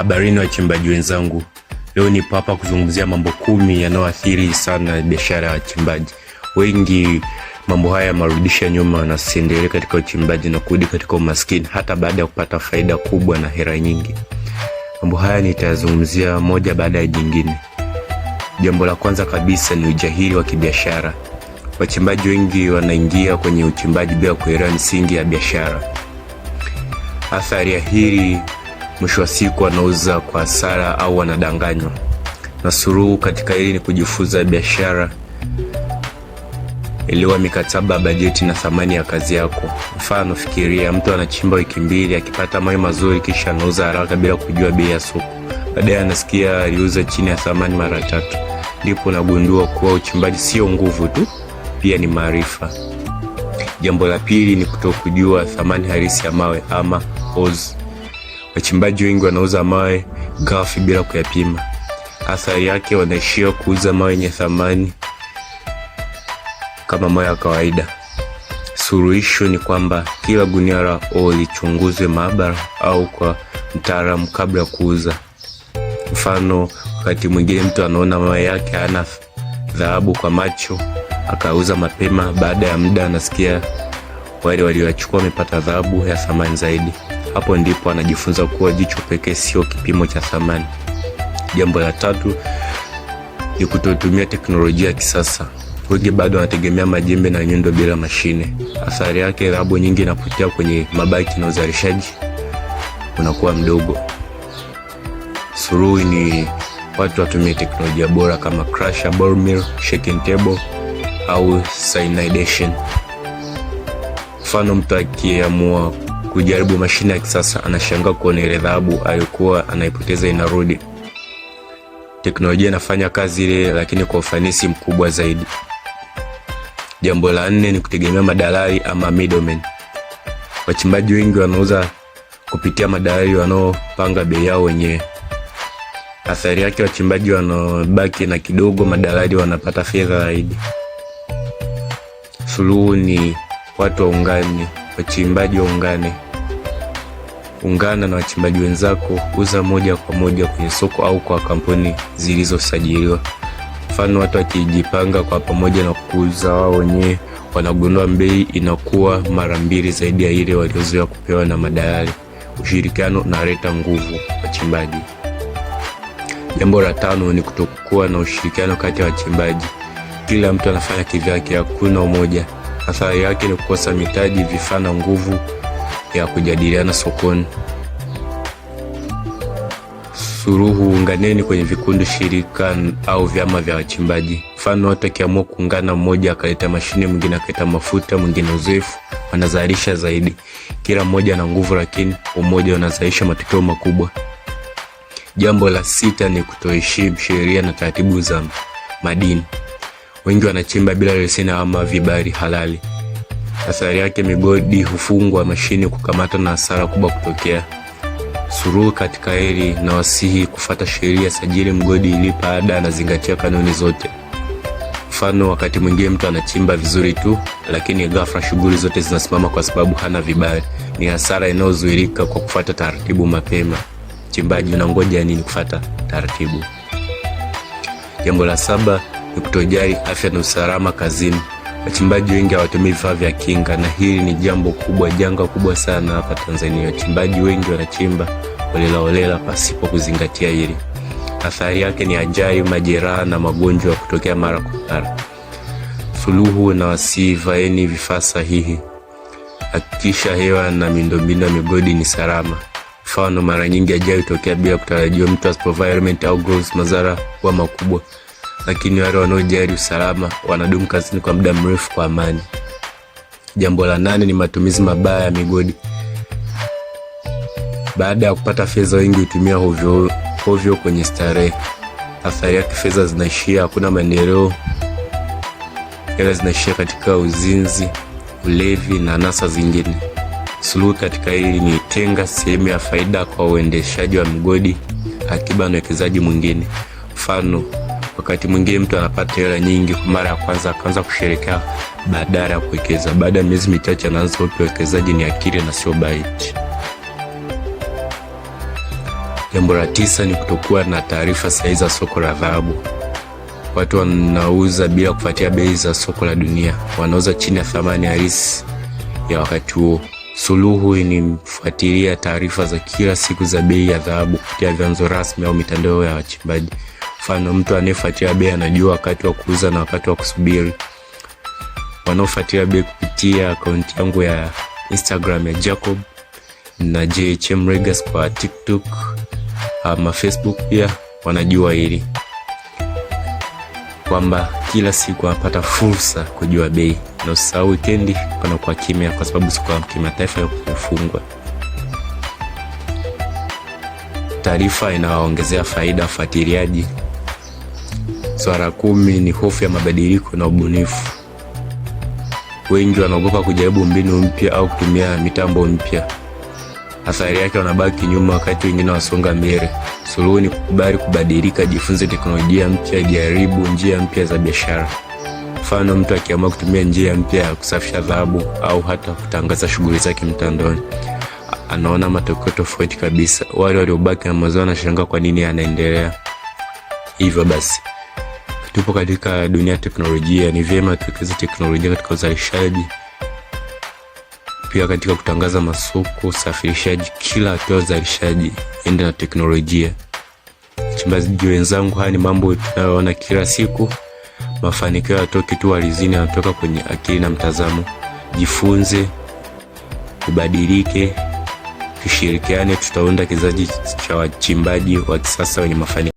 Habarini wachimbaji wenzangu, leo nipo hapa kuzungumzia mambo kumi yanayoathiri sana biashara ya wachimbaji wengi. Mambo haya yamarudisha nyuma nasiendelee katika uchimbaji na kurudi katika umaskini hata baada ya kupata faida kubwa na hera nyingi. Mambo haya nitayazungumzia moja baada ya jingine. Jambo la kwanza kabisa ni ujahili wa kibiashara. Wachimbaji wengi wanaingia kwenye uchimbaji bila kuelewa misingi ya biashara. Athari ya hili mwisho wa siku wanauza kwa hasara au wanadanganywa. Na suluhu katika hili ni kujifunza biashara, elewa mikataba ya bajeti na thamani ya kazi yako. Mfano, fikiria mtu anachimba wiki mbili, akipata mawe mazuri, kisha anauza haraka bila kujua bei ya soko. Baadaye anasikia aliuza chini ya thamani mara tatu. Ndipo nagundua kuwa uchimbaji sio nguvu tu, pia ni maarifa. Jambo la pili ni kutokujua thamani halisi ya mawe ama ozi. Wachimbaji wengi wanauza mawe ghafi bila kuyapima. Athari yake, wanaishia kuuza mawe yenye thamani kama mawe ya kawaida. Suluhisho ni kwamba kila gunia la ore lichunguzwe maabara au kwa mtaalamu kabla ya kuuza. Mfano, wakati mwingine mtu anaona mawe yake hana dhahabu kwa macho, akauza mapema. Baada ya muda, anasikia wale walioyachukua wamepata dhahabu ya thamani zaidi. Hapo ndipo anajifunza kuwa jicho pekee sio kipimo cha thamani. Jambo la tatu ni kutotumia teknolojia ya kisasa. Wengi bado wanategemea majembe na nyundo bila mashine. Athari yake, dhahabu nyingi inapotea kwenye mabaki na uzalishaji unakuwa mdogo. Suluhu ni watu watumie teknolojia bora kama crusher, ball mill, shaking table au cyanidation. Mfano, mtu akiamua kujaribu mashine ya kisasa, anashangaa kuona ile dhahabu aliyokuwa anaipoteza inarudi. Teknolojia inafanya kazi ile, lakini kwa ufanisi mkubwa zaidi. Jambo la nne ni kutegemea madalali ama middlemen. Wachimbaji wengi wanauza kupitia madalali wanaopanga bei yao wenyewe. Athari yake, wachimbaji wanaobaki na kidogo, madalali wanapata fedha zaidi. Suluhu ni watu waungane wachimbaji waungane ungana na wachimbaji wenzako, uza moja kwa moja kwenye soko au kwa kampuni zilizosajiliwa. Mfano, watu wakijipanga kwa pamoja na kuuza wao wenyewe, wanagundua bei inakuwa mara mbili zaidi ya ile waliozoea kupewa na madalali. Ushirikiano unaleta nguvu wachimbaji. Jambo la tano ni kutokuwa na ushirikiano kati ya wachimbaji. Kila mtu anafanya kivyake, hakuna umoja. Hasara yake ni kukosa mitaji, vifaa na nguvu ya kujadiliana sokoni. Suluhu: unganeni kwenye vikundi, shirika au vyama vya wachimbaji. Mfano, watu akiamua kuungana, mmoja akaleta mashine, mwingine akaleta mafuta, mwingine uzoefu, wanazalisha zaidi. Kila mmoja ana nguvu, lakini umoja unazalisha matokeo makubwa. Jambo la sita ni kutoheshimu sheria na taratibu za madini. Wengi wanachimba bila leseni ama vibali halali. Athari yake, migodi hufungwa, mashine kukamata na hasara kubwa kutokea. Suruhu katika hili na wasihi kufata sheria, sajili mgodi, ilipa ada na zingatia kanuni zote. Mfano, wakati mwingine mtu anachimba vizuri tu, lakini ghafla shughuli zote zinasimama kwa sababu hana vibali. Ni hasara inayozuilika kwa kufata taratibu mapema. Mchimbaji, unangoja nini? Kufata taratibu. Jambo la saba ni kutojali afya na usalama kazini. Wachimbaji wengi hawatumii vifaa vya kinga, na hili ni jambo kubwa, janga kubwa sana hapa Tanzania. Wachimbaji wengi wanachimba holelaholela pasipo kuzingatia hili. Athari yake ni ajali, majeraha na magonjwa ya kutokea mara kwa mara. Suluhu na wasii, vaeni vifaa sahihi, hakikisha hewa na miundombinu ya migodi ni salama. Mfano, mara nyingi ajali hutokea bila kutarajiwa. Mtu asipovaa helmet au gloves, madhara huwa makubwa lakini wale wanaojali usalama wanadumu kazini kwa muda mrefu kwa amani. Jambo la nane ni matumizi mabaya ya migodi. Baada ya kupata fedha, wengi hutumia hovyo hovyo kwenye starehe. Athari yake, fedha zinaishia, hakuna maendeleo. Hela zinaishia katika uzinzi, ulevi na nasa zingine. Suluhu katika hili ni tenga sehemu ya faida kwa uendeshaji wa migodi, akiba na uwekezaji mwingine, mfano wakati mwingine mtu anapata hela nyingi kwa mara ya kwanza, akaanza kusherekea badala ya kuwekeza. Baada ya miezi michache, anaanza upya. Uwekezaji ni akili na sio bahati. Jambo la tisa ni kutokuwa na taarifa sahihi za soko la dhahabu. Watu wanauza bila kufuatia bei za soko la dunia, wanauza chini ya thamani halisi ya wakati huo. Suluhu ni mfuatilia taarifa za kila siku za bei ya dhahabu kupitia vyanzo rasmi au mitandao ya wachimbaji. Mfano, mtu anayefuatia bei anajua wakati wa kuuza na wakati wa kusubiri. wanaofuatia bei kupitia akaunti yangu ya Instagram ya Jacob na JHM Regas kwa TikTok ama Facebook pia wanajua hili kwamba kila siku anapata fursa kujua bei, na usahau wikendi panakuwa kimya, kwa sababu siku ya kimataifa imefungwa. Taarifa inawaongezea faida wafuatiliaji. Swala kumi ni hofu ya mabadiliko na ubunifu. Wengi wanaogopa kujaribu mbinu mpya au kutumia mitambo mpya. Athari yake, wanabaki nyuma wakati wengine wasonga mbele. Suluhu ni kukubali kubadilika, jifunze teknolojia mpya, jaribu njia mpya za biashara. Mfano, mtu akiamua kutumia njia mpya ya kusafisha dhahabu au hata kutangaza shughuli zake mtandaoni, anaona matokeo tofauti kabisa. Wale waliobaki na mazoea wanashangaa kwa nini anaendelea hivyo. Basi tupo katika dunia ya teknolojia, ni vyema tuwekeze teknolojia katika uzalishaji, pia katika kutangaza masoko, usafirishaji. Kila hatua ya uzalishaji ende na teknolojia. Wachimbaji wenzangu, haya ni mambo tunayoona kila siku. Mafanikio yatoki tu alizini, yanatoka kwenye akili na mtazamo. Jifunze, ubadilike, tushirikiane, tutaunda kizazi cha wachimbaji wa kisasa wenye mafanikio.